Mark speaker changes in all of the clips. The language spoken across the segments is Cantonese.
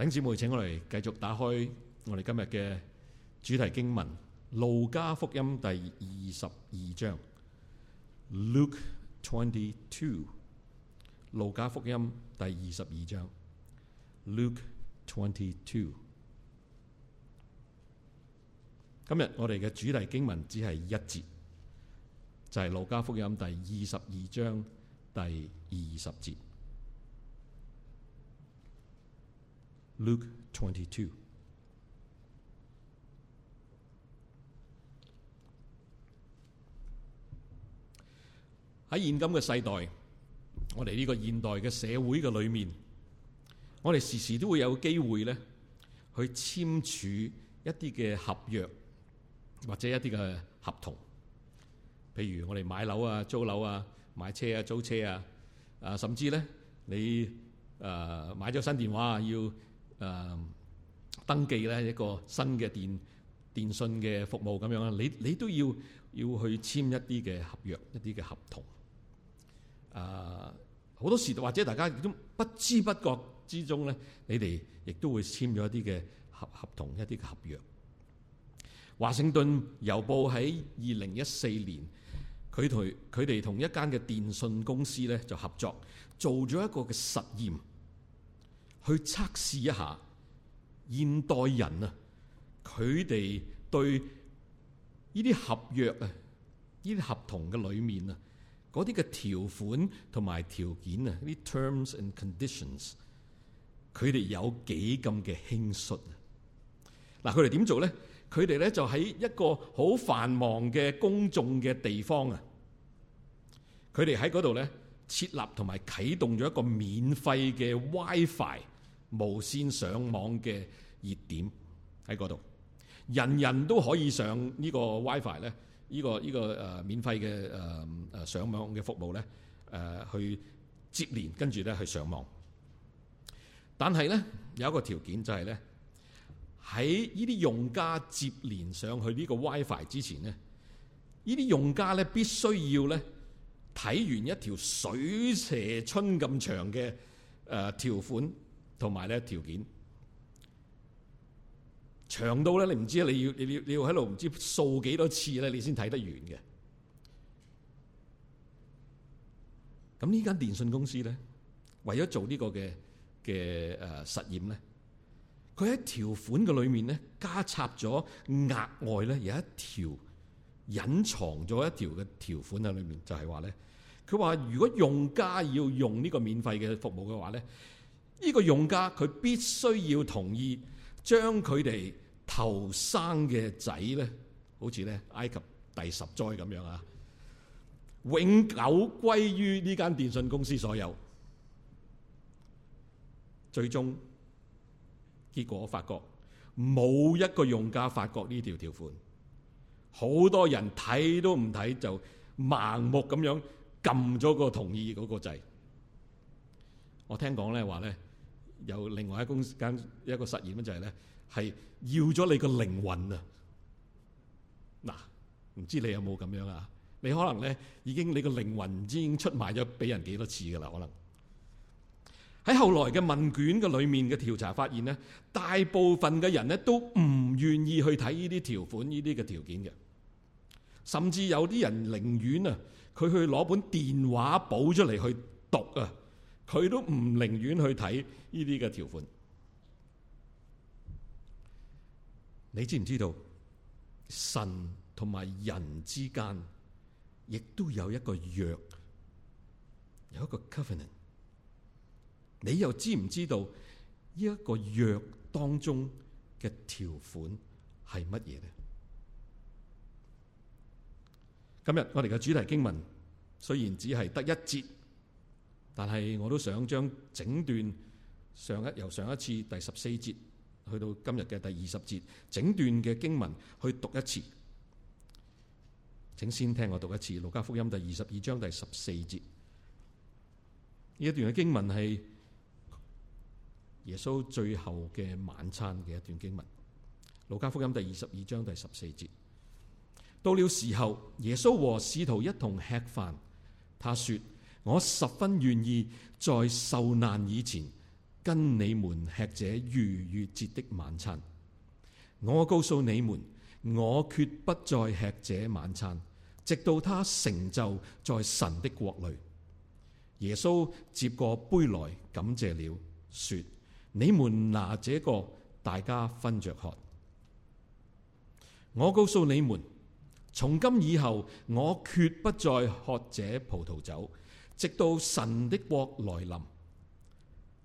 Speaker 1: 弟兄姊妹，請我哋繼續打開我哋今日嘅主題經文《路加福音》第二十二章。Luke twenty two，《路加福音》第二十二章。Luke twenty two。今日我哋嘅主題經文只係一節，就係《路加福音》第二十二章第二十節。Luke 22。喺現今嘅世代，我哋呢個現代嘅社會嘅裏面，我哋時時都會有機會咧去簽署一啲嘅合約或者一啲嘅合同，譬如我哋買樓啊、租樓啊、買車啊、租車啊，啊，甚至咧你啊、呃、買咗新電話要。誒、呃、登記咧一個新嘅電電信嘅服務咁樣啦，你你都要要去簽一啲嘅合約、一啲嘅合同。誒、呃、好多時或者大家都不知不覺之中咧，你哋亦都會簽咗一啲嘅合合同、一啲嘅合約。華盛頓郵報喺二零一四年，佢同佢哋同一間嘅電信公司咧就合作做咗一個嘅實驗。去測試一下現代人啊，佢哋對呢啲合約啊、呢啲合同嘅裏面啊，嗰啲嘅條款同埋條件啊，啲 terms and conditions，佢哋有幾咁嘅輕率啊？嗱，佢哋點做咧？佢哋咧就喺一個好繁忙嘅公眾嘅地方啊，佢哋喺嗰度咧設立同埋啟動咗一個免費嘅 WiFi。無線上網嘅熱點喺嗰度，人人都可以上呢個 WiFi 咧，呢、呢個呢、呢個誒、呃、免費嘅誒誒上網嘅服務咧誒、呃、去接連跟住咧去上網。但係咧有一個條件就係、係、咧，喺呢啲用家接連上去呢個 WiFi 之前咧，呢啲用家咧必須要咧睇完一條水蛇春咁長嘅誒、呃、條款。同埋咧條件長到咧，你唔知你要你要你要喺度唔知數幾多次咧，你先睇得完嘅。咁呢間電信公司咧，為咗做呢個嘅嘅誒實驗咧，佢喺條款嘅裏面咧加插咗額外咧有一條隱藏咗一條嘅條款喺裏面，就係話咧，佢話如果用家要用呢個免費嘅服務嘅話咧。呢個用家佢必須要同意將佢哋頭生嘅仔咧，好似咧埃及第十災咁樣啊，永久歸於呢間電信公司所有。最終結果，我發覺冇一個用家發覺呢條條款，好多人睇都唔睇就盲目咁樣撳咗個同意嗰個掣。我聽講咧話咧。有另外一公司間一個實驗咧，就係咧係要咗你個靈魂啊！嗱，唔知你有冇咁樣啊？你可能咧已經你個靈魂已經出賣咗俾人幾多次㗎啦，可能喺後來嘅問卷嘅裡面嘅調查發現咧，大部分嘅人咧都唔願意去睇呢啲條款呢啲嘅條件嘅，甚至有啲人寧願啊，佢去攞本電話簿出嚟去讀啊！佢都唔寧願去睇呢啲嘅條款。你知唔知道神同埋人之間亦都有一個約，有一個 covenant？你又知唔知道呢一個約當中嘅條款係乜嘢咧？今日我哋嘅主題經文雖然只係得一節。但係我都想將整段上一由上一次第十四節去到今日嘅第二十節整段嘅經文去讀一次，請先聽我讀一次《路加福音》第二十二章第十四節呢一段嘅經文係耶穌最後嘅晚餐嘅一段經文。《路加福音》第二十二章第十四節。到了時候，耶穌和使徒一同吃飯，他說：我十分願意在受難以前跟你們吃這逾越節的晚餐。我告訴你們，我決不再吃這晚餐，直到他成就在神的國裡。耶穌接過杯來，感謝了，說：你們拿這個，大家分着喝。我告訴你們，從今以後，我決不再喝這葡萄酒。直到神的國來臨，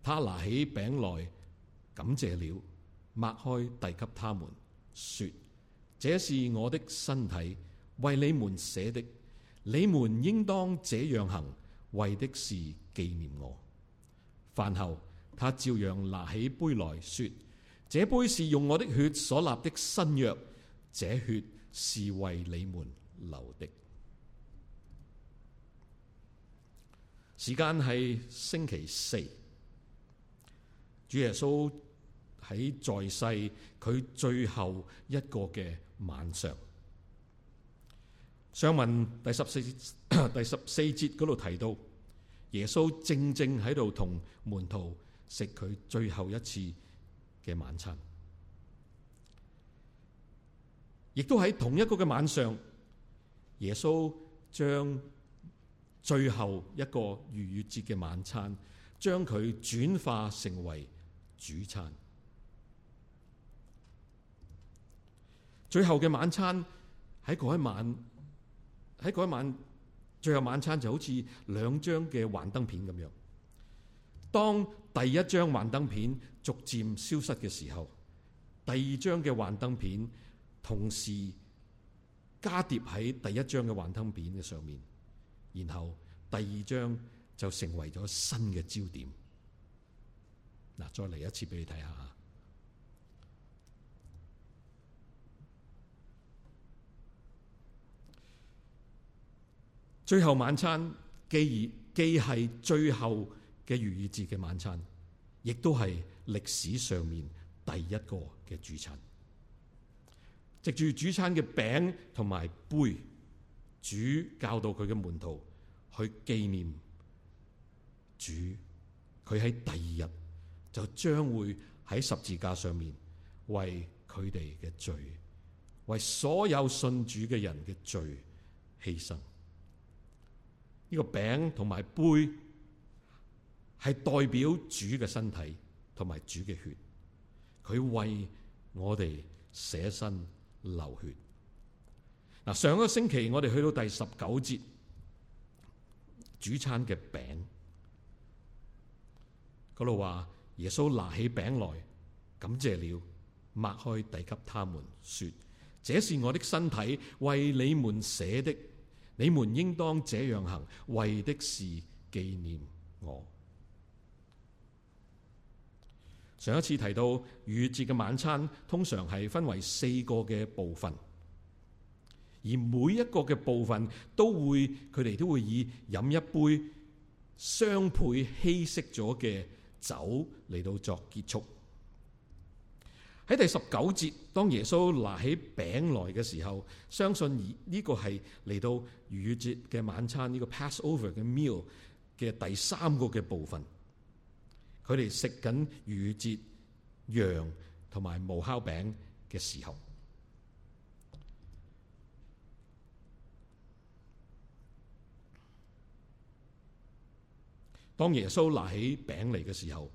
Speaker 1: 他拿起餅來，感謝了，擘開遞給他們，說：這是我的身體，為你們寫的，你們應當這樣行，為的是紀念我。飯後，他照樣拿起杯來說：這杯是用我的血所立的新約，這血是為你們流的。時間係星期四，主耶穌喺在，在世佢最後一個嘅晚上。上文第十四第十四節嗰度提到，耶穌正正喺度同門徒食佢最後一次嘅晚餐。亦都喺同一個嘅晚上，耶穌將。最後一個逾越節嘅晚餐，將佢轉化成為主餐。最後嘅晚餐喺嗰一晚，喺嗰一晚，最後晚餐就好似兩張嘅幻燈片咁樣。當第一張幻燈片逐漸消失嘅時候，第二張嘅幻燈片同時加疊喺第一張嘅幻燈片嘅上面。然後第二章就成為咗新嘅焦點。嗱，再嚟一次俾你睇下。最後晚餐既而既係最後嘅逾越節嘅晚餐，亦都係歷史上面第一個嘅主餐。藉住主餐嘅餅同埋杯。主教導佢嘅門徒去紀念主，佢喺第二日就將會喺十字架上面為佢哋嘅罪，為所有信主嘅人嘅罪犧牲。呢個餅同埋杯係代表主嘅身體同埋主嘅血，佢為我哋捨身流血。嗱，上個星期我哋去到第十九節，主餐嘅餅，嗰度話耶穌拿起餅來，感謝了，擘開遞給他們，說：這是我的身體，為你們捨的，你們應當這樣行，為的是紀念我。上一次提到逾節嘅晚餐，通常係分為四個嘅部分。而每一個嘅部分都會，佢哋都會以飲一杯雙倍稀釋咗嘅酒嚟到作結束。喺第十九節，當耶穌拿起餅來嘅時候，相信呢個係嚟到逾越節嘅晚餐呢個 Passover 嘅 meal 嘅第三個嘅部分。佢哋食緊逾越節羊同埋無酵餅嘅時候。當耶穌拿起餅嚟嘅時候，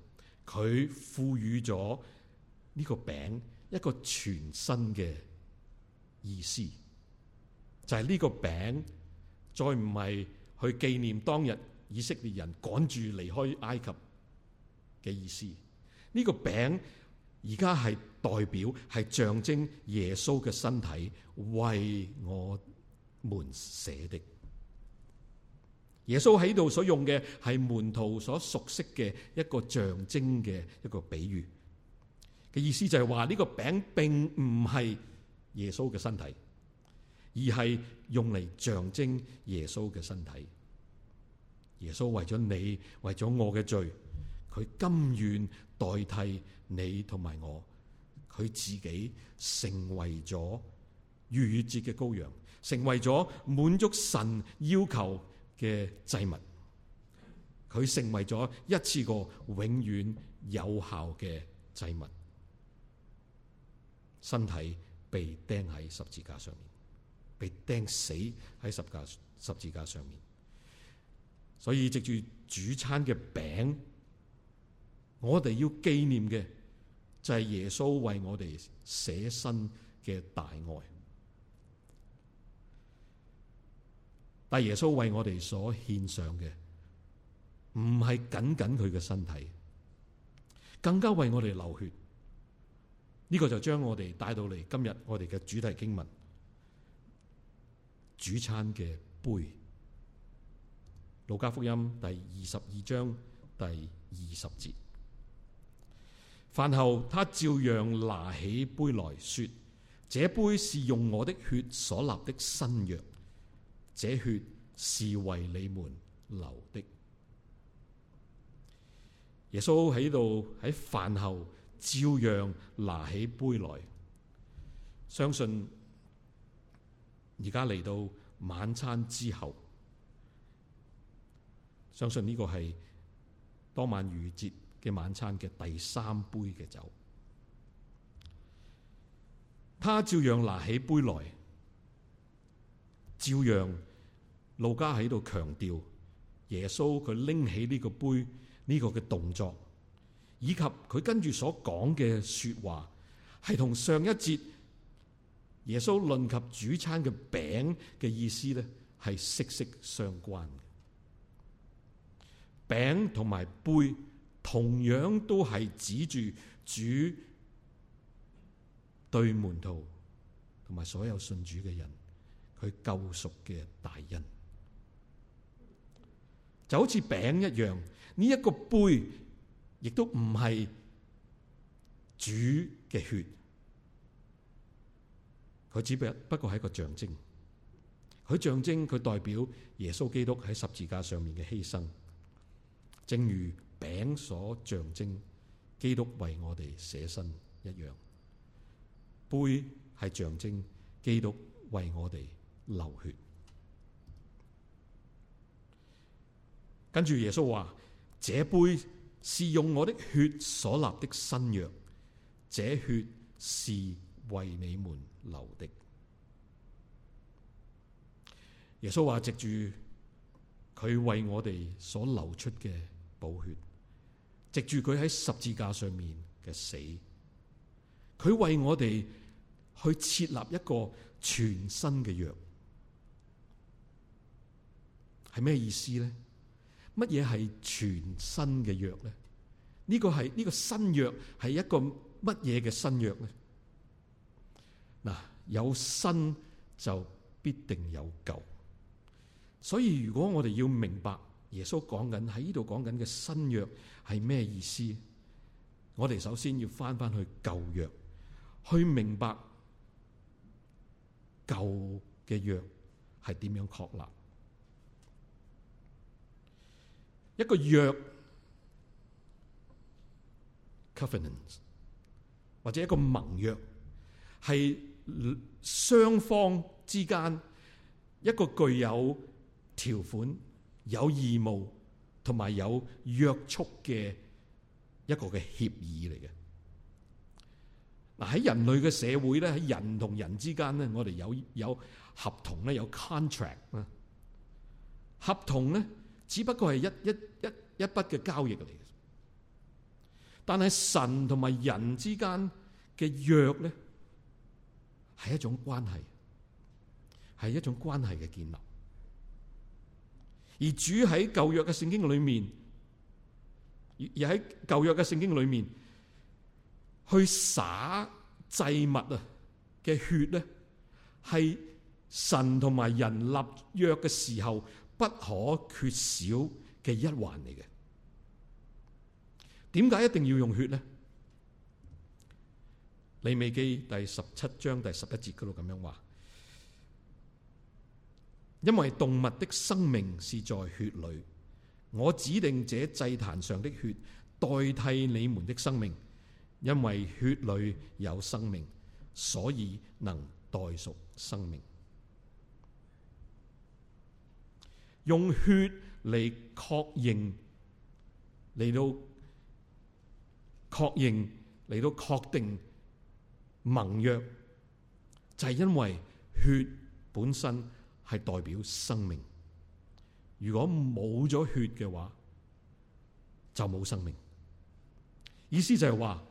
Speaker 1: 佢賦予咗呢個餅一個全新嘅意思，就係、是、呢個餅再唔係去紀念當日以色列人趕住離開埃及嘅意思，呢、這個餅而家係代表係象徵耶穌嘅身體為我們捨的。耶穌喺度所用嘅係門徒所熟悉嘅一個象徵嘅一個比喻嘅意思就係話，呢個餅並唔係耶穌嘅身體，而係用嚟象徵耶穌嘅身體。耶穌為咗你、為咗我嘅罪，佢甘願代替你同埋我，佢自己成為咗逾越節嘅羔羊，成為咗滿足神要求。嘅祭物，佢成為咗一次過永遠有效嘅祭物。身體被釘喺十字架上面，被釘死喺十架十字架上面。所以藉住主餐嘅餅，我哋要紀念嘅就係耶穌為我哋捨身嘅大愛。但耶穌為我哋所獻上嘅，唔係僅僅佢嘅身體，更加為我哋流血。呢、這個就將我哋帶到嚟，今日我哋嘅主題經文，主餐嘅杯。路加福音第二十二章第二十節。飯後，他照樣拿起杯來說：這杯是用我的血所立的新約。這血是為你們流的。耶穌喺度喺飯後照樣拿起杯來，相信而家嚟到晚餐之後，相信呢個係當晚逾節嘅晚餐嘅第三杯嘅酒。他照樣拿起杯來，照樣。路加喺度強調耶穌佢拎起呢個杯呢個嘅動作，以及佢跟住所講嘅說話，係同上一節耶穌論及主餐嘅餅嘅意思咧，係息息相關嘅。餅同埋杯同樣都係指住主對門徒同埋所有信主嘅人，佢救贖嘅大恩。就好似餅一樣，呢、這、一個杯亦都唔係主嘅血，佢只不過不過係一個象徵，佢象徵佢代表耶穌基督喺十字架上面嘅犧牲，正如餅所象徵，基督為我哋捨身一樣，杯係象徵基督為我哋流血。跟住耶穌話：這杯是用我的血所立的新約，這血是為你們流的。耶穌話：藉住佢為我哋所流出嘅寶血，藉住佢喺十字架上面嘅死，佢為我哋去設立一個全新嘅約，係咩意思呢？乜嘢係全新嘅約咧？呢、呢個係呢、呢個新約係一個乜嘢嘅新約咧？嗱、啊，有新就必定有舊，所以如果我哋要明白耶穌講緊喺呢度講緊嘅新約係咩意思，我哋首先要返返去舊約，去明白舊嘅約係點樣確立。一個約 covenant 或者一個盟約，係雙方之間一個具有條款、有義務同埋有約束嘅一個嘅協議嚟嘅。嗱，喺人類嘅社會咧，喺人同人之間咧，我哋有有合同咧，有 contract 啊，合同咧。只不過係一一一一筆嘅交易嚟嘅，但係神同埋人之間嘅約咧，係一種關係，係一種關係嘅建立。而主喺舊約嘅聖經裏面，而而喺舊約嘅聖經裏面，去灑祭物啊嘅血咧，係神同埋人立約嘅時候。不可缺少嘅一環嚟嘅，點解一定要用血呢？《利未記》第十七章第十一節嗰度咁樣話，因為動物的生命是在血裏，我指定這祭壇上的血代替你們的生命，因為血裏有生命，所以能代贖生命。用血嚟確認，嚟到確認，嚟到確定盟約，就係、是、因為血本身係代表生命。如果冇咗血嘅話，就冇生命。意思就係話，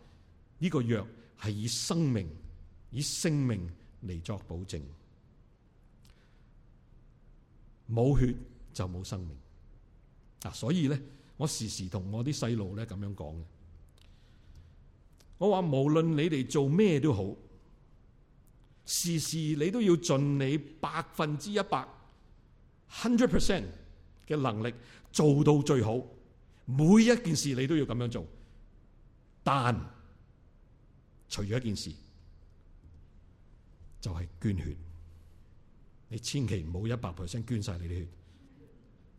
Speaker 1: 呢個約係以生命、以性命嚟作保證，冇血，就冇生命啊！所以咧，我時時同我啲細路咧咁樣講嘅。我話無論你哋做咩都好，時時你都要盡你百分之一百 hundred percent 嘅能力做到最好。每一件事你都要咁樣做，但除咗一件事，就係捐血。你千祈唔好一百 percent 捐晒你啲血。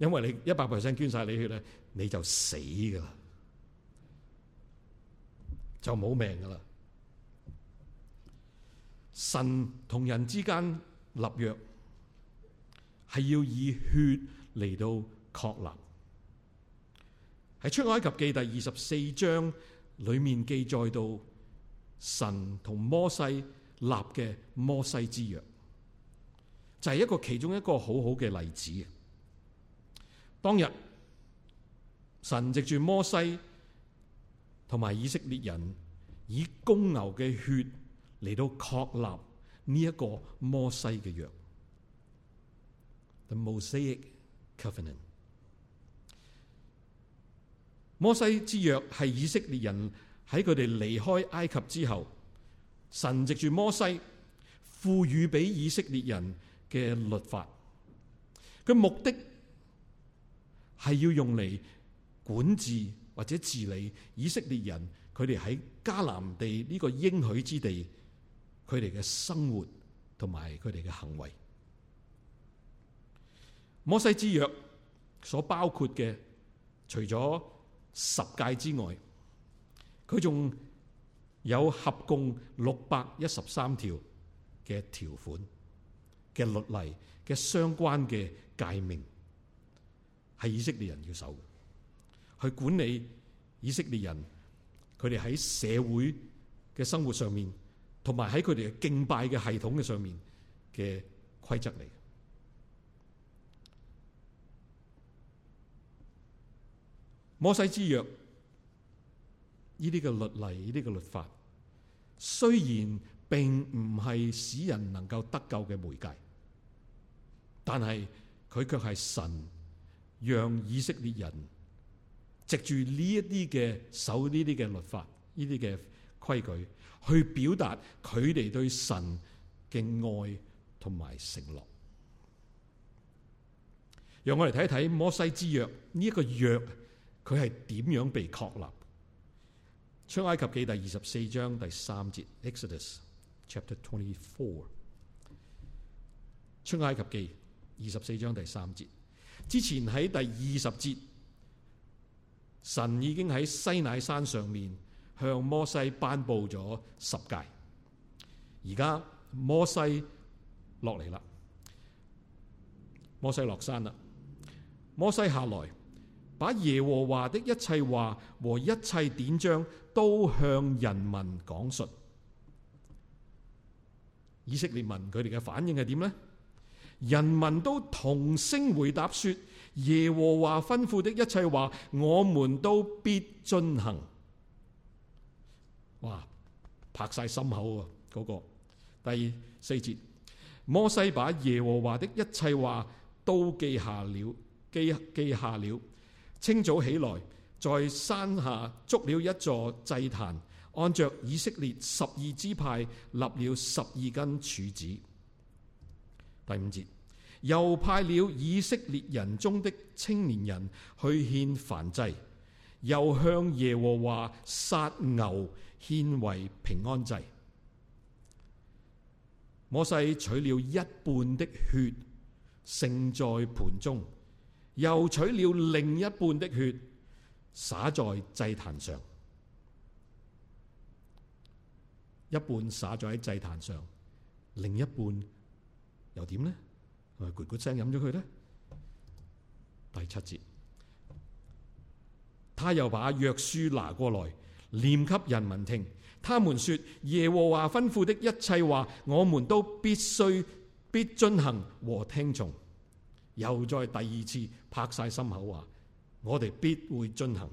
Speaker 1: 因為你一百 percent 捐晒你血咧，你就死噶啦，就冇命噶啦。神同人之間立約，係要以血嚟到確立。喺《出埃及記》第二十四章裏面記載到，神同摩西立嘅摩西之約，就係、是、一個其中一個很好好嘅例子。當日神藉住摩西同埋以色列人，以公牛嘅血嚟到確立呢一個摩西嘅約。The Mosaic Covenant。摩西之約係以色列人喺佢哋離開埃及之後，神藉住摩西賦予俾以色列人嘅律法，佢目的。係要用嚟管治或者治理以色列人，佢哋喺迦南地呢個應許之地，佢哋嘅生活同埋佢哋嘅行為。摩西之約所包括嘅，除咗十誡之外，佢仲有合共六百一十三條嘅條款嘅律例嘅相關嘅誡命。係以色列人要守嘅，去管理以色列人，佢哋喺社會嘅生活上面，同埋喺佢哋嘅敬拜嘅系統嘅上面嘅規則嚟嘅。摩西之約呢啲嘅律例，呢啲嘅律法，雖然並唔係使人能夠得救嘅媒介，但係佢卻係神。讓以色列人藉住呢一啲嘅守呢啲嘅律法、呢啲嘅規矩，去表達佢哋對神嘅愛同埋承諾。讓我哋睇一睇摩西之約，呢一個約，佢係點樣被確立？出埃及記第二十四章第三節，Exodus Chapter Twenty Four，出埃及記二十四章第三節。之前喺第二十節，神已經喺西奈山上面向摩西頒布咗十誡。而家摩西落嚟啦，摩西落山啦，摩西下來，把耶和華的一切話和一切典章都向人民講述。以色列民佢哋嘅反應係點呢？人民都同聲回答說：耶和華吩咐的一切話，我們都必進行。哇！拍晒心口啊，嗰、那個第四節，摩西把耶和華的一切話都記下了，記記下了。清早起來，在山下築了一座祭壇，按着以色列十二支派立了十二根柱子。第五節，又派了以色列人中的青年人去獻燔祭，又向耶和華殺牛獻為平安祭。摩西取了一半的血盛在盤中，又取了另一半的血灑在祭壇上，一半灑咗喺祭壇上，另一半。又點呢？佢咕咕聲飲咗佢呢？第七節，他又把約書拿過來念給人民聽。他們說耶和華吩咐的一切話，我們都必須必遵行和聽從。又再第二次拍晒心口話，我哋必會遵行。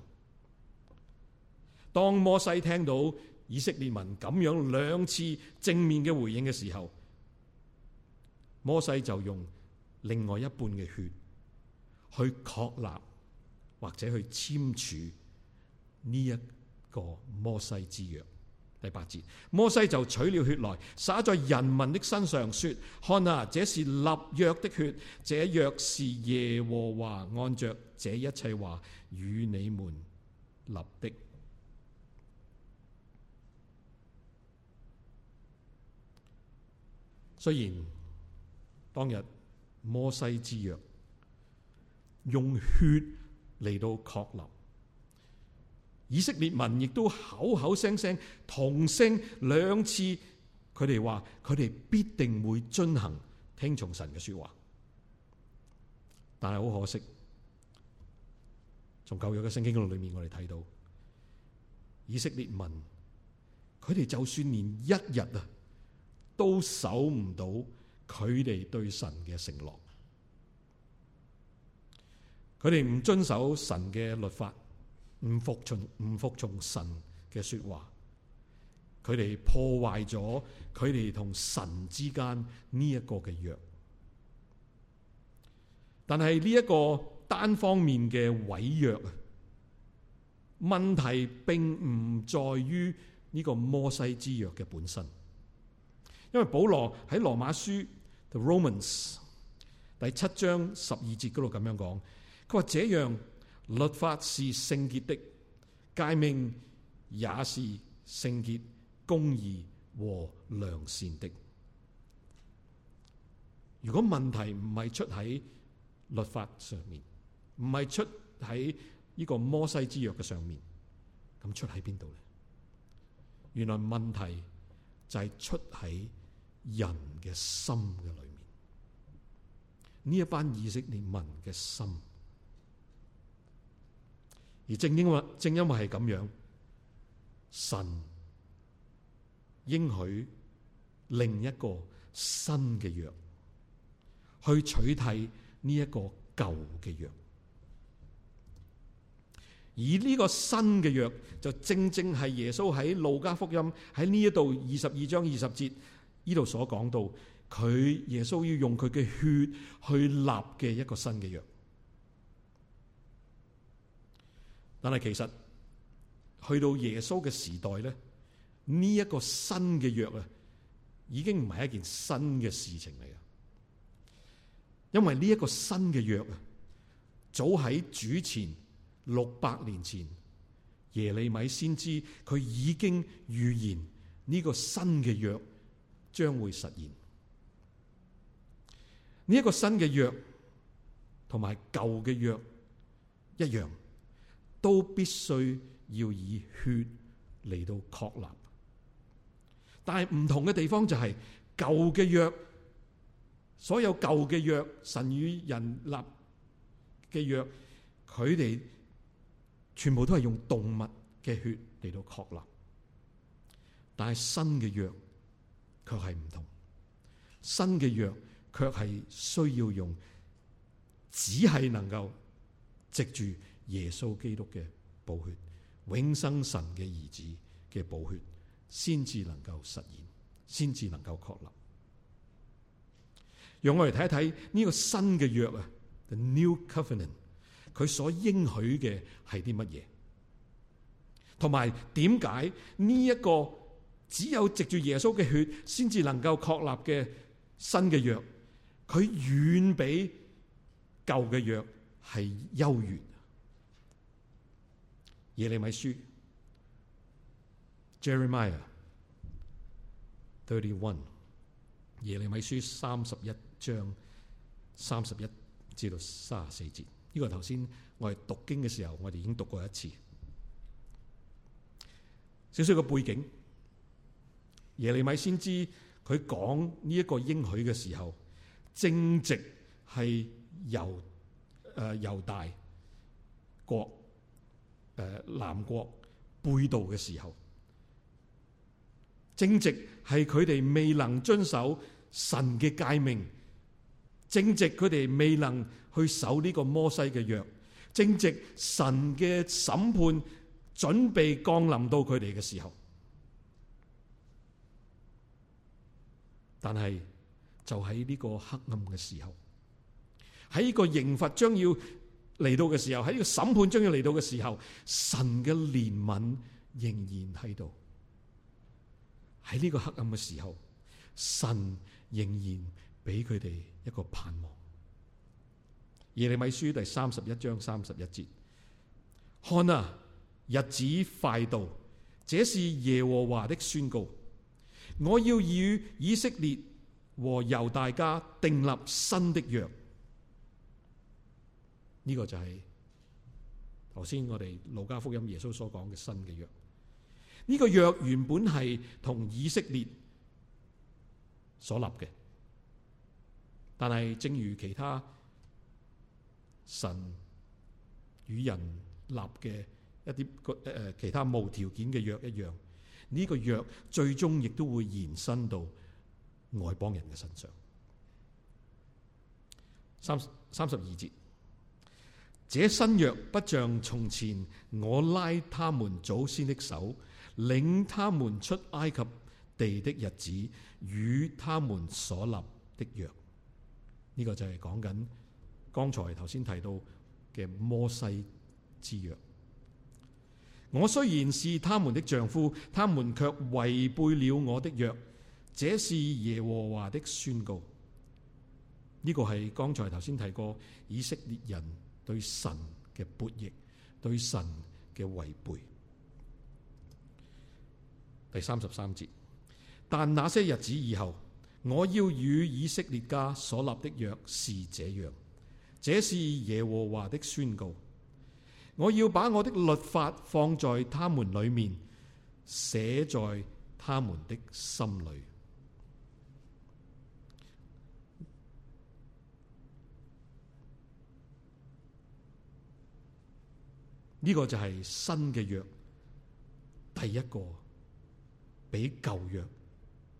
Speaker 1: 當摩西聽到以色列民咁樣兩次正面嘅回應嘅時候，摩西就用另外一半嘅血去確立或者去簽署呢一個摩西之約。第八節，摩西就取了血來灑在人民的身上，說：看啊，這是立約的血，這約是耶和華按着這一切話與你們立的。雖然。當日摩西之約用血嚟到確立，以色列民亦都口口聲聲同聲兩次，佢哋話佢哋必定會遵行聽從神嘅說話，但係好可惜，從舊約嘅聖經經錄裏面我，我哋睇到以色列民，佢哋就算連一日啊都守唔到。佢哋對神嘅承諾，佢哋唔遵守神嘅律法，唔服從唔服從神嘅說話，佢哋破壞咗佢哋同神之間呢一個嘅約。但係呢一個單方面嘅毀約啊，問題並唔在於呢個摩西之約嘅本身，因為保羅喺羅馬書。《The Romans》第七章十二節嗰度咁樣講，佢話這樣，這樣律法是聖潔的，誡命也是聖潔、公義和良善的。如果問題唔係出喺律法上面，唔係出喺呢個摩西之約嘅上面，咁出喺邊度呢？原來問題就係出喺。人嘅心嘅裏面，呢一班以色列民嘅心，而正因為正因為係咁樣，神應許另一個新嘅約，去取代呢一個舊嘅約。而呢個新嘅約就正正係耶穌喺路加福音喺呢一度二十二章二十節。呢度所講到，佢耶穌要用佢嘅血去立嘅一個新嘅約，但係其實去到耶穌嘅時代咧，呢一個新嘅約啊，已經唔係一件新嘅事情嚟啊。因為呢一個新嘅約啊，早喺主前六百年前耶利米先知佢已經預言呢個新嘅約將會實現呢一、這個新嘅約同埋舊嘅約一樣，都必須要以血嚟到確立。但係唔同嘅地方就係，舊嘅約，所有舊嘅約，神與人立嘅約，佢哋全部都係用動物嘅血嚟到確立。但係新嘅約。卻係唔同，新嘅約卻係需要用，只係能夠藉住耶穌基督嘅寶血，永生神嘅兒子嘅寶血，先至能夠實現，先至能夠確立。讓我嚟睇一睇呢個新嘅約啊，The New Covenant，佢所應許嘅係啲乜嘢，同埋點解呢一個？只有藉住耶穌嘅血，先至能夠確立嘅新嘅約，佢遠比舊嘅約係優越。耶利米書 Jeremiah thirty one 耶利米書三十一章三十一至到三十四節，呢、這個頭先我哋讀經嘅時候，我哋已經讀過一次。少少個背景。耶利米先知佢講呢一個應許嘅時候，正值係由誒猶、呃、大國誒、呃、南國背道嘅時候，正值係佢哋未能遵守神嘅誡命，正值佢哋未能去守呢個摩西嘅約，正值神嘅審判準備降臨到佢哋嘅時候。但係，就喺呢個黑暗嘅時候，喺呢個刑罰將要嚟到嘅時候，喺呢個審判將要嚟到嘅時候，神嘅憐憫仍然喺度。喺呢個黑暗嘅時候，神仍然俾佢哋一個盼望。耶利米書第三十一章三十一節：「看啊，日子快到，這是耶和華的宣告。」我要與以，以色列和猶大家訂立新的約，呢個就係頭先我哋路加福音耶穌所講嘅新嘅約。呢個約原本係同以色列所立嘅，但係正如其他神與人立嘅一啲誒其他無條件嘅約一樣。呢個約最終亦都會延伸到外邦人嘅身上。三十三十二節，這新約不像從前我拉他們祖先的手，領他們出埃及地的日子與他們所立的約。呢個就係講緊剛才頭先提到嘅摩西之約。我雖然是他們的丈夫，他們卻違背了我的約。這是耶和華的宣告。呢個係剛才頭先提過以色列人對神嘅悖逆，對神嘅違背。第三十三節，但那些日子以後，我要與以色列家所立的約是這樣。這是耶和華的宣告。我要把我的律法放在他們裏面，寫在他們的心裏。呢、這個就係新嘅約，第一個比舊約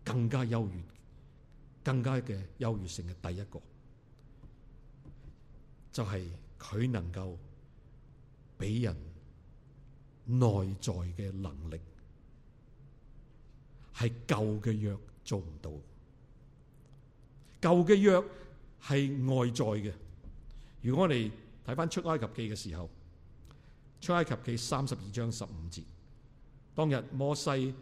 Speaker 1: 更加優越、更加嘅優越性嘅第一個，就係、是、佢能夠。俾人內在嘅能力，係舊嘅約做唔到，舊嘅約係外在嘅。如果我哋睇翻出埃及記嘅時候，出埃及記三十二章十五節，當日摩西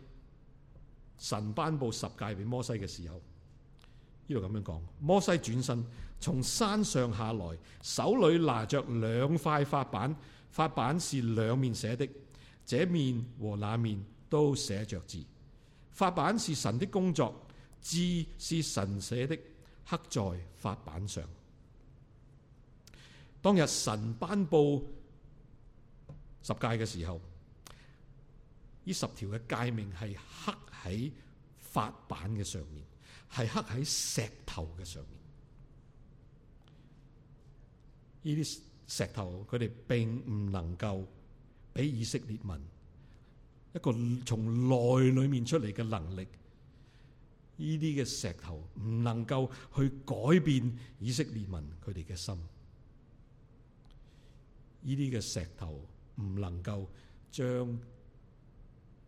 Speaker 1: 神頒布十誡俾摩西嘅時候，呢度咁樣講：摩西轉身從山上下來，手裏拿着兩塊法板。法版是兩面寫的，這面和那面都寫着字。法版是神的工作，字是神寫的，刻在法版上。當日神頒布十誡嘅時候，呢十條嘅誡命係刻喺法版嘅上面，係刻喺石頭嘅上面。呢啲。石頭佢哋並唔能夠俾以色列民一個從內裏面出嚟嘅能力，呢啲嘅石頭唔能夠去改變以色列民佢哋嘅心，呢啲嘅石頭唔能夠將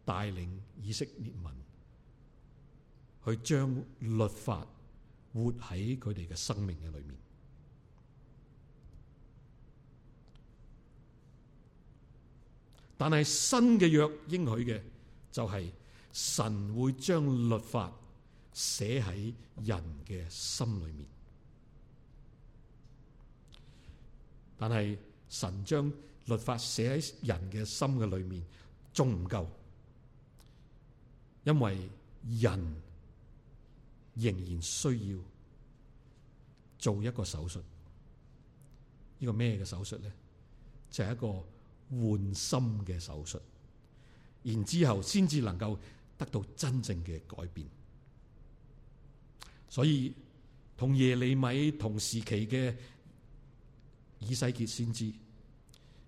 Speaker 1: 帶領以色列民去將律法活喺佢哋嘅生命嘅裏面。但係新嘅約應許嘅就係神會將律法寫喺人嘅心裏面，但係神將律法寫喺人嘅心嘅裏面仲唔夠，因為人仍然需要做一個手術，呢個咩嘅手術咧？就係一個。換心嘅手術，然之後先至能夠得到真正嘅改變。所以同耶利米同時期嘅以西結先知，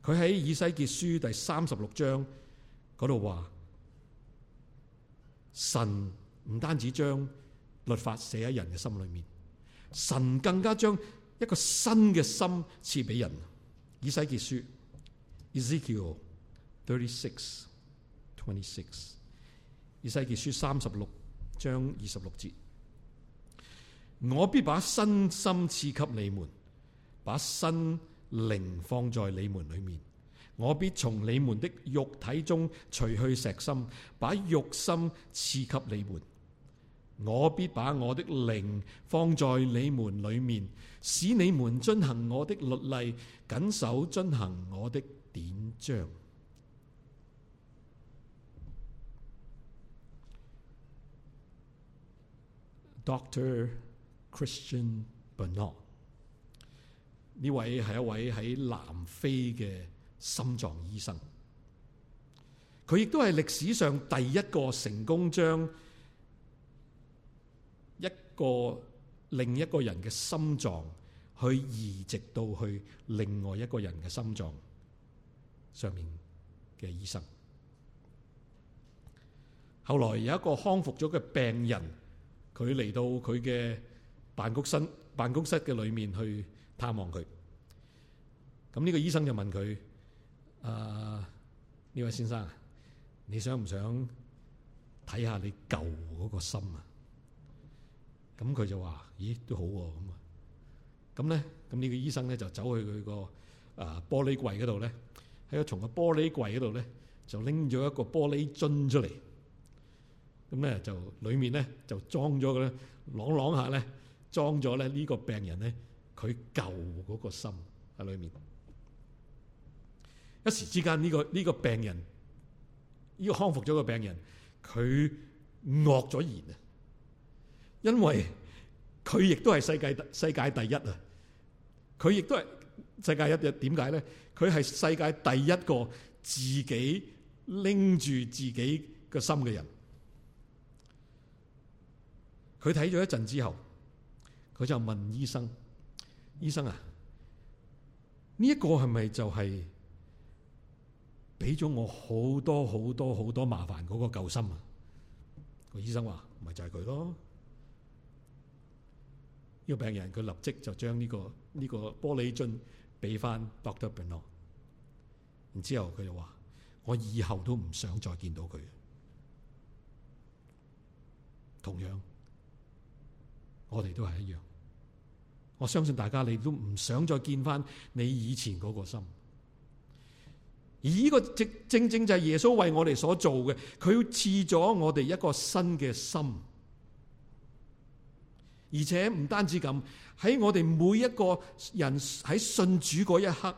Speaker 1: 佢喺以西結書第三十六章嗰度話：神唔單止將律法寫喺人嘅心裏面，神更加將一個新嘅心賜俾人。以西結書。Ezekiel 36:26以西結書三十六章二十六節：我必把新心賜給你們，把新靈放在你們裏面。我必從你們的肉體中除去石心，把肉心賜給你們。我必把我的靈放在你們裏面，使你們遵行我的律例，謹守遵行我的典章 Dr. Christian Bernard，呢位係一位喺南非嘅心臟醫生，佢亦都係歷史上第一個成功將一個另一個人嘅心臟去移植到去另外一個人嘅心臟。上面嘅醫生，後來有一個康復咗嘅病人，佢嚟到佢嘅辦公室辦公室嘅裏面去探望佢。咁呢個醫生就問佢：啊，呢位先生啊，你想唔想睇下你舊嗰個心啊？咁佢就話：咦，都好喎，咁啊。咁咧，咁呢個醫生咧就走去佢個啊玻璃櫃嗰度咧。喺個從個玻璃櫃嗰度咧，就拎咗一個玻璃樽出嚟，咁咧就裏面咧就裝咗嘅咧，朗朗下咧裝咗咧呢個病人咧，佢救嗰個心喺裏面。一時之間呢個呢個病人，呢個康復咗嘅病人，佢愕咗然啊，因為佢亦都係世界世界第一啊，佢亦都係。世界一日點解咧？佢係世界第一個自己拎住自己個心嘅人。佢睇咗一陣之後，佢就問醫生：醫生啊，呢一個係咪就係俾咗我好多好多好多麻煩嗰個救心啊？個醫生話：咪就係佢咯。呢個病人佢立即就將呢個。呢個玻璃樽俾翻 Doctor Bruno，然之後佢就話：我以後都唔想再見到佢。同樣，我哋都係一樣。我相信大家你都唔想再見翻你以前嗰個心。而呢個正正正就係耶穌為我哋所做嘅，佢要賜咗我哋一個新嘅心。而且唔單止咁，喺我哋每一個人喺信主嗰一刻，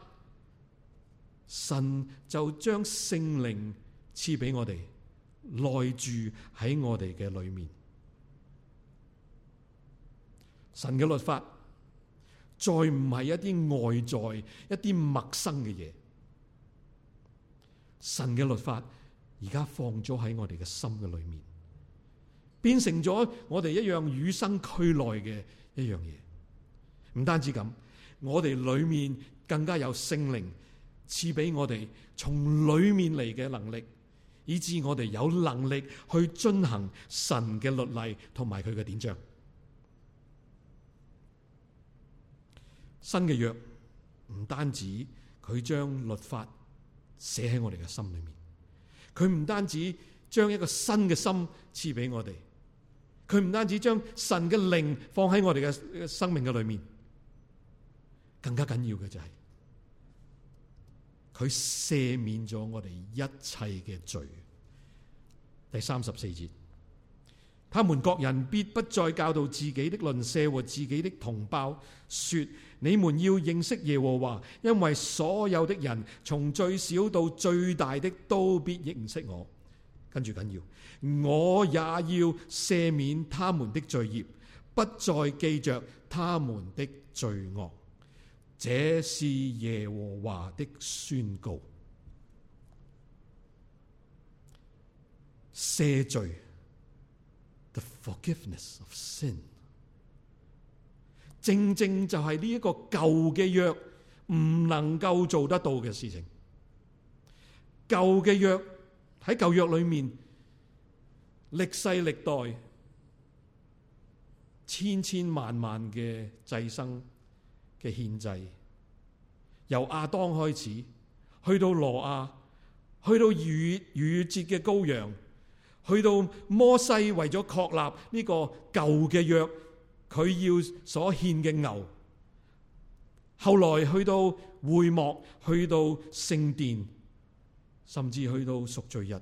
Speaker 1: 神就將聖靈賜俾我哋，內住喺我哋嘅裏面。神嘅律法再唔係一啲外在、一啲陌生嘅嘢，神嘅律法而家放咗喺我哋嘅心嘅裏面。變成咗我哋一樣與生俱來嘅一樣嘢，唔單止咁，我哋裏面更加有聖靈賜俾我哋從裏面嚟嘅能力，以至我哋有能力去進行神嘅律例同埋佢嘅典章。新嘅約，唔單止佢將律法寫喺我哋嘅心裏面，佢唔單止將一個新嘅心賜俾我哋。佢唔單止將神嘅靈放喺我哋嘅生命嘅裏面，更加緊要嘅就係佢赦免咗我哋一切嘅罪。第三十四節，他們各人必不再教導自己的鄰舍和自己的同胞，說你們要認識耶和華，因為所有的人從最小到最大的都必認識我。跟住緊要，我也要赦免他們的罪孽，不再記着他們的罪惡。這是耶和華的宣告，赦罪。The forgiveness of sin，正正就係呢一個舊嘅約唔能夠做得到嘅事情，舊嘅約。喺舊約裏面，歷世歷代千千萬萬嘅祭牲嘅獻祭，由亞當開始，去到羅亞，去到逾越節嘅羔羊，去到摩西為咗確立呢個舊嘅約，佢要所獻嘅牛，後來去到會幕，去到聖殿。甚至去到贖罪日，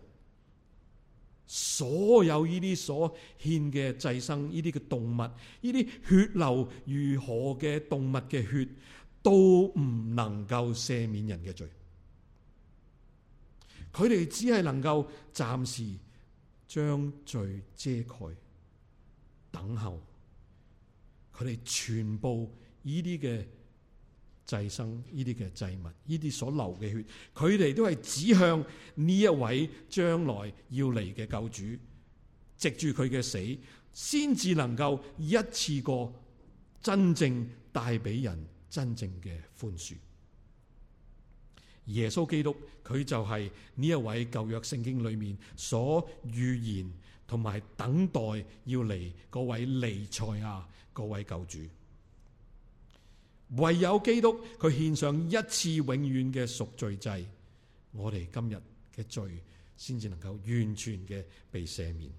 Speaker 1: 所有呢啲所獻嘅祭牲、呢啲嘅動物，呢啲血流如河嘅動物嘅血，都唔能夠赦免人嘅罪。佢哋只係能夠暫時將罪遮蓋，等候。佢哋全部呢啲嘅。祭牲呢啲嘅祭物，呢啲所流嘅血，佢哋都係指向呢一位將來要嚟嘅救主，藉住佢嘅死，先至能夠一次過真正帶俾人真正嘅寬恕。耶穌基督，佢就係呢一位舊約聖經裏面所預言同埋等待要嚟嗰位尼賽亞嗰位救主。唯有基督佢獻上一次永遠嘅贖罪祭，我哋今日嘅罪先至能夠完全嘅被赦免。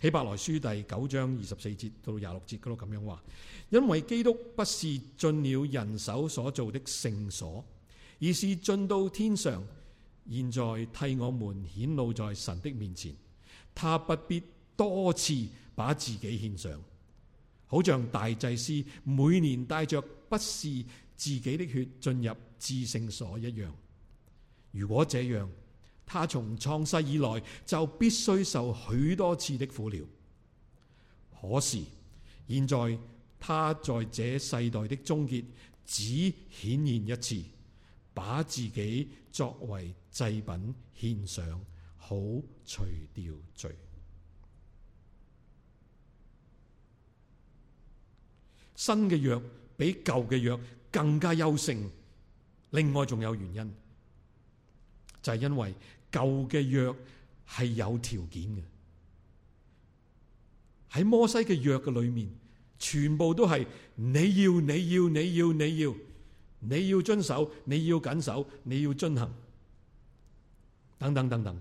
Speaker 1: 希伯來書第九章二十四節到廿六節嗰度咁樣話，因為基督不是進了人手所造的聖所，而是進到天上，現在替我們顯露在神的面前，他不必多次把自己獻上。好像大祭司每年帶着不是自己的血進入至聖所一樣。如果這樣，他從創世以來就必須受許多次的苦了。可是現在他在這世代的終結，只顯現一次，把自己作為祭品獻上，好除掉罪。新嘅約比舊嘅約更加優勝，另外仲有原因，就係、是、因為舊嘅約係有條件嘅，喺摩西嘅約嘅裏面，全部都係你要你要你要你要你要，你要遵守你要謹守你要遵行等等等等，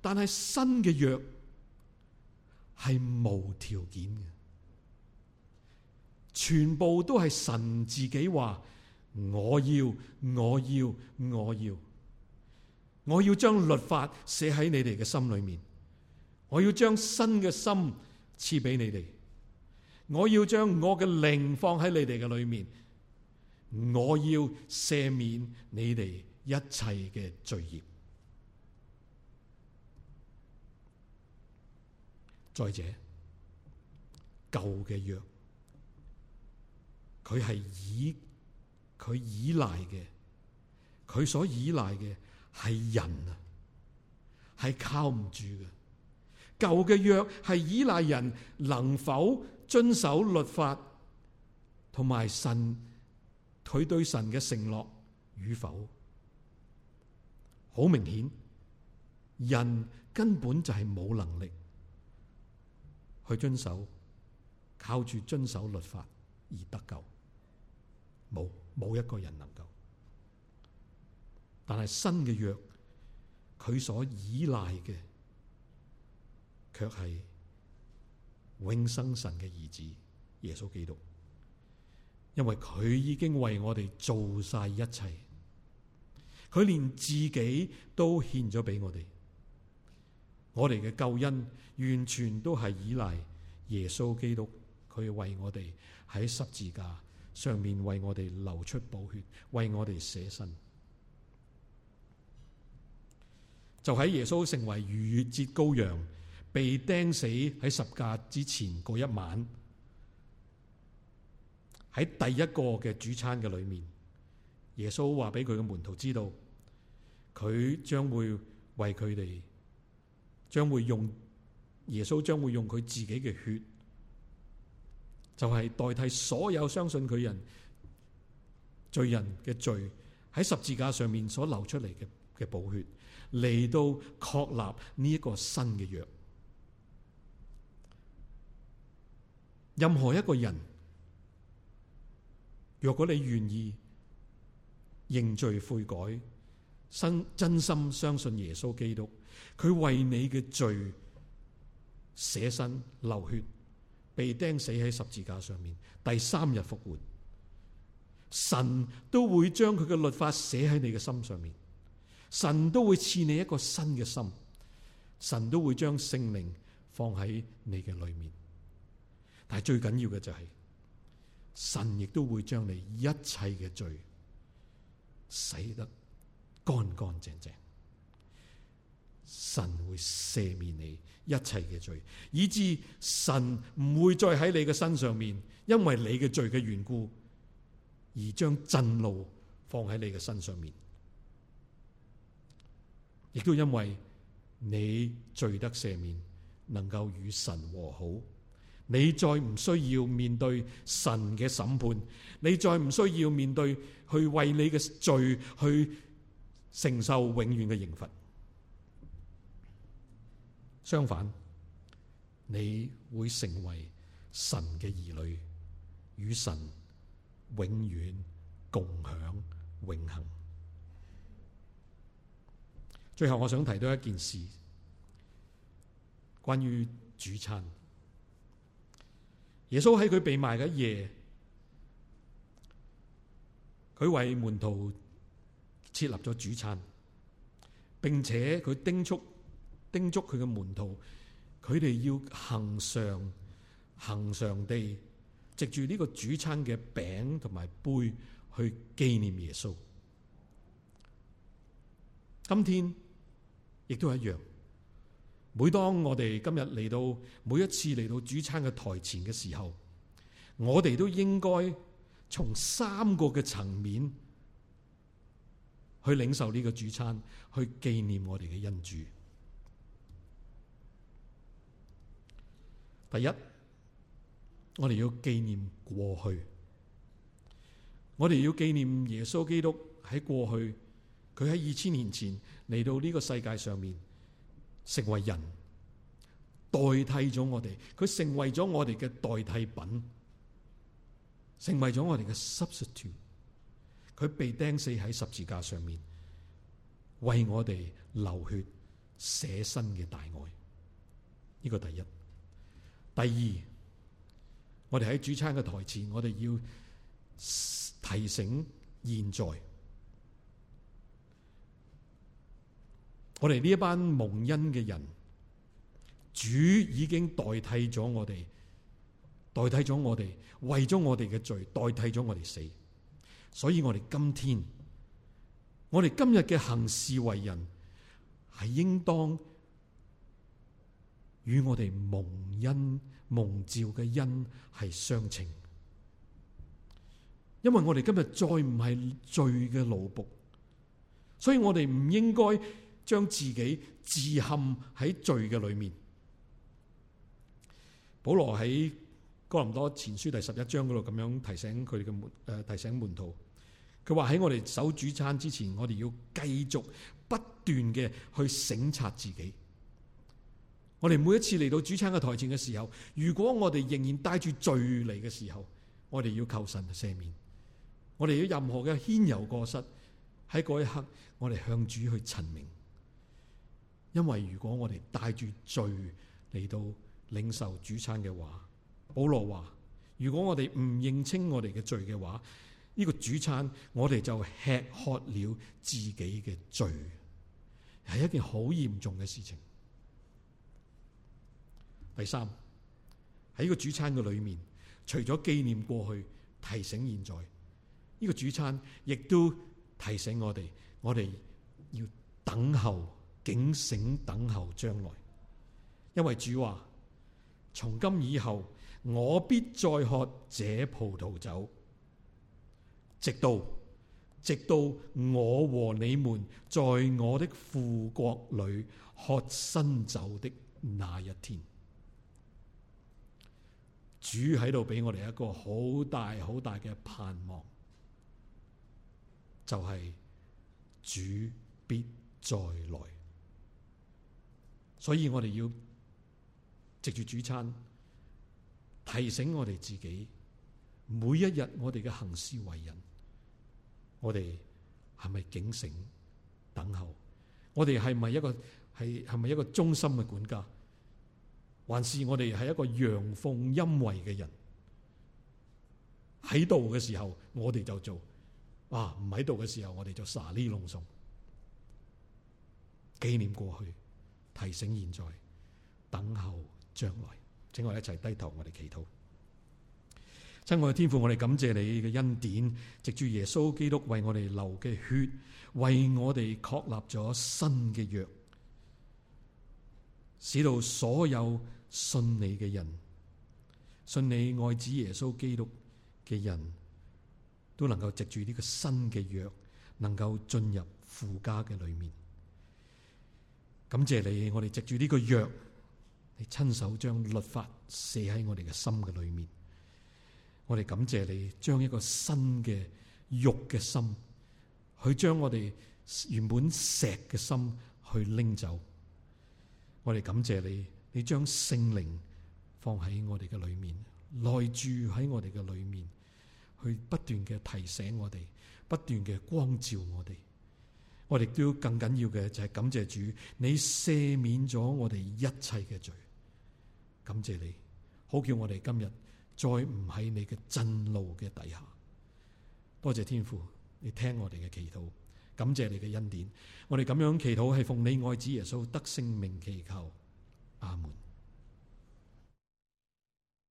Speaker 1: 但係新嘅約係無條件嘅。全部都係神自己話，我要，我要，我要，我要將律法寫喺你哋嘅心裏面，我要將新嘅心賜俾你哋，我要將我嘅靈放喺你哋嘅裏面，我要赦免你哋一切嘅罪孽。再者，舊嘅約。佢係以，佢依賴嘅，佢所依賴嘅係人啊，係靠唔住嘅。舊嘅約係依賴人能否遵守律法，同埋神佢對神嘅承諾與否，好明顯，人根本就係冇能力去遵守，靠住遵守律法而得救。冇冇一個人能夠，但係新嘅約，佢所依賴嘅，卻係永生神嘅兒子耶穌基督，因為佢已經為我哋做晒一切，佢連自己都獻咗俾我哋，我哋嘅救恩完全都係依賴耶穌基督，佢為我哋喺十字架上面為我哋流出寶血，為我哋捨身。就喺耶穌成為逾越節羔羊，被釘死喺十架之前嗰一晚，喺第一個嘅主餐嘅裏面，耶穌話俾佢嘅門徒知道，佢將會為佢哋，將會用耶穌將會用佢自己嘅血。就係代替所有相信佢人罪人嘅罪，喺十字架上面所流出嚟嘅嘅寶血，嚟到確立呢一個新嘅約。任何一個人，若果你願意認罪悔改，真真心相信耶穌基督，佢為你嘅罪捨身流血。被釘死喺十字架上面，第三日復活，神都會將佢嘅律法寫喺你嘅心上面，神都會賜你一個新嘅心，神都會將聖靈放喺你嘅裏面，但係最緊要嘅就係神亦都會將你一切嘅罪洗得乾乾淨淨。神會赦免你一切嘅罪，以至神唔會再喺你嘅身上面，因為你嘅罪嘅緣故，而將震怒放喺你嘅身上面。亦都因為你罪得赦免，能夠與神和好，你再唔需要面對神嘅審判，你再唔需要面對去為你嘅罪去承受永遠嘅刑罰。相反，你會成為神嘅兒女，與神永遠共享永恆。最後，我想提到一件事，關於主餐。耶穌喺佢被賣嘅一夜，佢為門徒設立咗主餐，並且佢叮囑。叮囑佢嘅門徒，佢哋要恆常、恆常地藉住呢個主餐嘅餅同埋杯去紀念耶穌。今天亦都是一樣，每當我哋今日嚟到每一次嚟到主餐嘅台前嘅時候，我哋都應該從三個嘅層面去領受呢個主餐，去紀念我哋嘅恩主。第一，我哋要紀念過去，我哋要紀念耶穌基督喺過去，佢喺二千年前嚟到呢個世界上面成為人，代替咗我哋，佢成為咗我哋嘅代替品，成為咗我哋嘅 substitute。佢被釘死喺十字架上面，為我哋流血捨身嘅大愛，呢、這個第一。第二，我哋喺主餐嘅台前，我哋要提醒現在，我哋呢一班蒙恩嘅人，主已經代替咗我哋，代替咗我哋，為咗我哋嘅罪，代替咗我哋死，所以我哋今天，我哋今日嘅行事為人係應當。與我哋蒙恩蒙召嘅恩係相稱，因為我哋今日再唔係罪嘅奴僕，所以我哋唔應該將自己自陷喺罪嘅裏面。保羅喺哥林多前書第十一章嗰度咁樣提醒佢哋嘅門誒提醒門徒，佢話喺我哋守主餐之前，我哋要繼續不斷嘅去省察自己。我哋每一次嚟到主餐嘅台前嘅時候，如果我哋仍然帶住罪嚟嘅時候，我哋要求神赦免。我哋有任何嘅牽柔過失喺嗰一刻，我哋向主去陳明。因為如果我哋帶住罪嚟到領受主餐嘅話，保羅話，如果我哋唔認清我哋嘅罪嘅話，呢個主餐我哋就吃喝了自己嘅罪，係一件好嚴重嘅事情。第三，喺呢個主餐嘅裏面，除咗紀念過去，提醒現在，呢、這個主餐亦都提醒我哋，我哋要等候、警醒、等候將來。因為主話：從今以後，我必再喝這葡萄酒，直到直到我和你們在我的父國裏喝新酒的那一天。主喺度俾我哋一個好大好大嘅盼望，就係、是、主必再來，所以我哋要藉住主餐提醒我哋自己，每一日我哋嘅行事為人，我哋係咪警醒等候？我哋係咪一個係係咪一個忠心嘅管家？還是我哋係一個陽奉陰違嘅人，喺度嘅時候我哋就做，啊，唔喺度嘅時候我哋就撒呢弄送。紀念過去，提醒現在，等候將來。請我一齊低頭，我哋祈禱。親愛嘅天父，我哋感謝你嘅恩典，藉住耶穌基督為我哋流嘅血，為我哋確立咗新嘅約。使到所有信你嘅人、信你愛子耶穌基督嘅人都能夠藉住呢個新嘅約能夠進入父家嘅裏面。感謝你，我哋藉住呢個約，你親手將律法寫喺我哋嘅心嘅裏面。我哋感謝你，將一個新嘅肉嘅心，去將我哋原本石嘅心去拎走。我哋感謝你，你將聖靈放喺我哋嘅裏面，內住喺我哋嘅裏面，去不斷嘅提醒我哋，不斷嘅光照我哋。我哋都更緊要嘅就係感謝主，你赦免咗我哋一切嘅罪。感謝你，好叫我哋今日再唔喺你嘅震怒嘅底下。多謝天父，你聽我哋嘅祈禱。感謝你嘅恩典，我哋咁樣祈禱係奉你愛子耶穌得勝名祈求，阿門。